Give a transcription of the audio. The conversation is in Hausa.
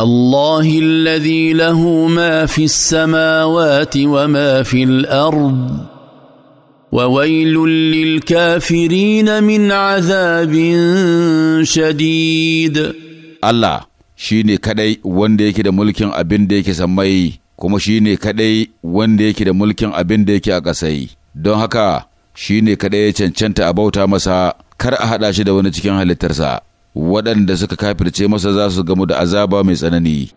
الله الذي له ما في السماوات وما في الارض وويل للكافرين من عذاب شديد الله shine kadai wanda yake da mulkin abin da yake sammai kuma shine kadai wanda yake da mulkin abin da yake a don haka shine kadai ya cancanta a bauta masa kar a haɗa shi da wani cikin halittarsa waɗanda suka kafirce masa za su gamu da azaba mai tsanani.